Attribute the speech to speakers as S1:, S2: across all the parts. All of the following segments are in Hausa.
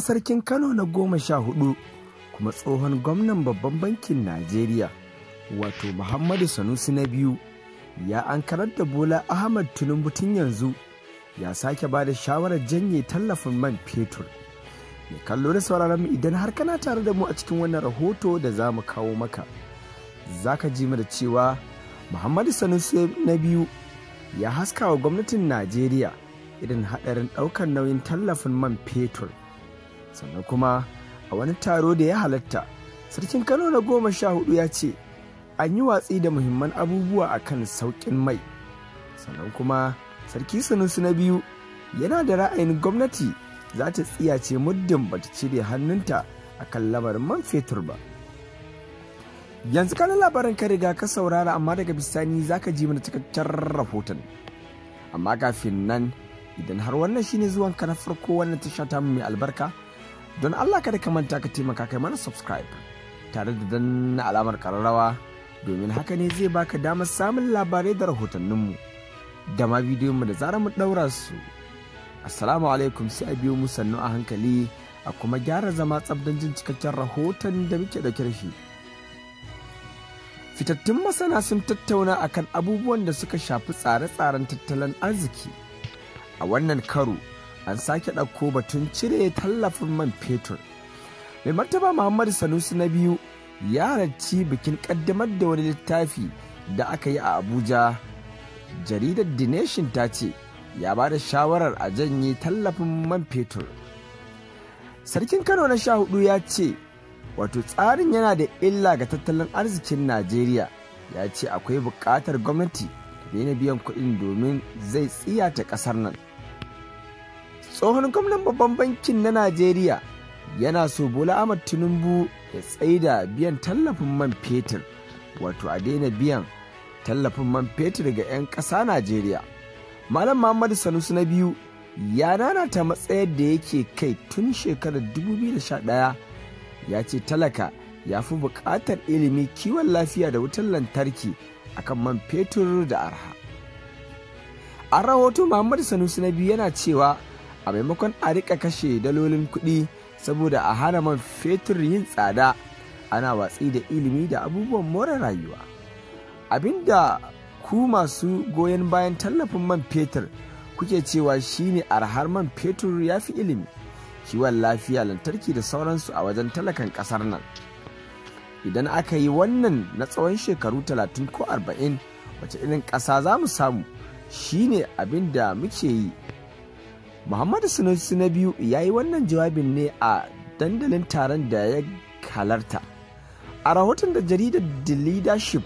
S1: tsohon sarkin kano na goma sha hudu kuma tsohon gwamnan babban bankin najeriya wato muhammadu sanusi na biyu ya ankarar da bola ahmad tinubu tun yanzu ya sake ba da shawarar janye tallafin man fetur mai kallo da sauraron mu idan har kana tare da mu a cikin wannan rahoto da za mu kawo maka za ka ji mu da cewa muhammadu sanusi na biyu ya haska wa gwamnatin najeriya irin haɗarin ɗaukar nauyin tallafin man fetur sannan kuma a wani taro da ya halatta sarkin kano na goma sha hudu ya ce an yi watsi da muhimman abubuwa a kan sauƙin mai sannan kuma sarki sunusu na biyu yana da ra'ayin gwamnati za ta tsiyace muddin ba ta cire hannunta a kan lamarin man fetur ba yanzu kana labarin ka riga ka saurara amma daga bisani za ka ji mana cikakken rahoton amma kafin nan idan har wannan shine zuwan ka na farko wannan tasha ta mai albarka don Allah kada ka manta ka taimaka kai mana subscribe tare da danna alamar kararrawa domin haka ne zai baka damar samun labarai da rahotanninmu da ma bidiyonmu da zarar mu daura su. Assalamu alaikum sai a biyo mu sannu a hankali a kuma gyara zama tsabdan jin cikakken rahoton da muke da shi. Fitattun masana sun tattauna akan abubuwan da suka shafi tsare-tsaren tattalin arziki a wannan karo. an sake ɗauko batun cire tallafin man fetur mai martaba muhammadu sanusi na biyu ya halarci bikin ƙaddamar da wani littafi da aka yi a abuja jaridar the nation ta ce ya ba da shawarar a janye tallafin man fetur sarkin kano na sha hudu ya ce wato tsarin yana da illa ga tattalin arzikin najeriya ya ce akwai bukatar gwamnati ta daina biyan kuɗin domin zai tsiyata ƙasar nan tsohon gwamnan babban bankin na najeriya yana so bola ahmad tinubu ya tsaida biyan tallafin man fetur wato a daina biyan tallafin man fetur ga 'yan ƙasa najeriya malam muhammadu sanusi na biyu ya nanata matsayar da yake kai tun shekarar 2011 ya ce talaka ya fi buƙatar ilimi kiwon lafiya da wutar lantarki a kan man fetur da arha a rahoto muhammadu sanusi na biyu yana cewa a maimakon a rika kashe dalolin kuɗi saboda a hana man fetur yin tsada ana watsi da ilimi da abubuwan more rayuwa abinda ku masu goyon bayan tallafin man fetur kuke cewa shine arhar man fetur ya fi ilimi kiwon lafiya lantarki da sauransu a wajen talakan kasar nan idan aka yi wannan na tsawon shekaru 30 ko 40 wace irin ƙasa za mu samu shine abin da muke yi muhammadu Sanusi na biyu ya yi wannan jawabin ne a dandalin taron da ya halarta a rahoton da jaridar the leadership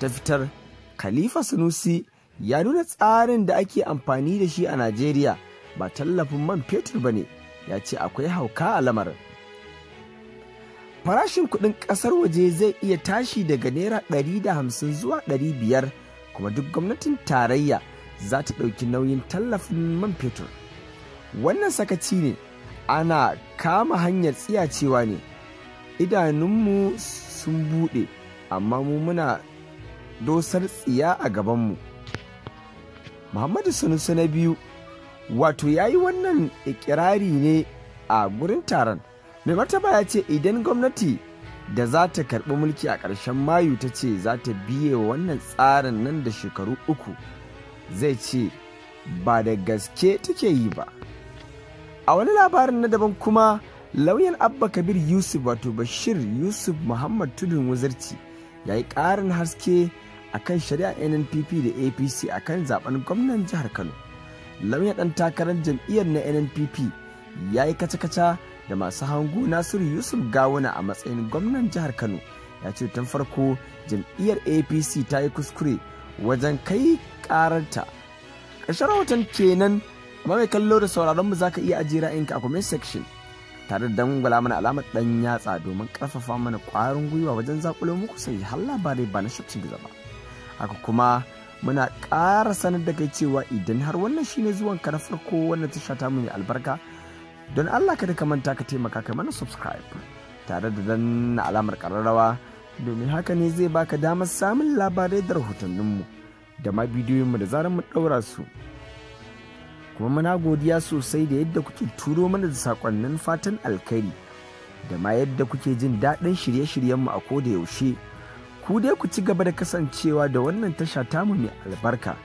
S1: ta fitar khalifa sunusi ya nuna tsarin da ake amfani da shi a najeriya ba tallafin man fetur ba ne ya ce akwai hauka a lamarin farashin kudin kasar waje zai iya tashi daga naira hamsin zuwa ɗari biyar, kuma duk gwamnatin tarayya za ta ɗauki nauyin tallafin man fetur. wannan sakaci ne ana kama hanyar tsiya cewa ne idanunmu sun buɗe amma mu muna dosar tsiya a gabanmu muhammadu sunusu na biyu wato ya yi wannan ikirari ne a gurin taron mai martaba ya ce idan gwamnati da za ta karɓi mulki a ƙarshen mayu ta ce za ta biye wannan tsarin nan da shekaru uku zai ce ba da gaske take yi ba a wani labarin na daban kuma lauyan abba kabir yusuf wato bashir yusuf muhammad tudun wazarci ya yi ƙarin haske a kan shari'a nnpp da apc a kan zaben gwamnan jihar kano lauyan ɗan takarar jam'iyyar na nnpp ya yi kaca-kaca da masu hangu nasiru yusuf gawuna a matsayin gwamnan jihar kano ya ce tun farko jam'iyyar apc ta yi kuskure wajen kai ƙararta ƙarshen rahoton kenan mai kallo da sauraron mu zaka iya ajiye ra'ayinka a comment section tare da dangwala mana alamar dan yatsa domin karfafa mana kwarin gwiwa wajen zakulo muku sai har labarai ba na shafin da ba haka kuma muna ƙara sanar da kai cewa idan har wannan shine zuwan ka na farko wannan tasha ta mu albarka don Allah kada ka manta ka taimaka kai mana subscribe tare da danna alamar kararrawa domin haka ne zai baka damar samun labarai da rahotanninmu da ma bidiyoyinmu da zarar mu ɗaura su kuma muna godiya sosai da yadda kuke turo mana da saƙonnin fatan alkhairi da ma yadda kuke jin daɗin shirye-shiryenmu a koda yaushe ku dai ku ci gaba da kasancewa da wannan tasha tamu mai albarka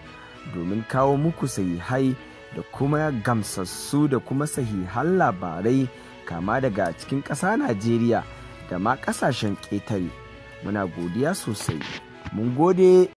S1: domin kawo muku sahihai da kuma gamsassu da kuma sahihan labarai kama daga cikin ƙasa najeriya da ma ƙasashen ƙetare muna godiya sosai mun gode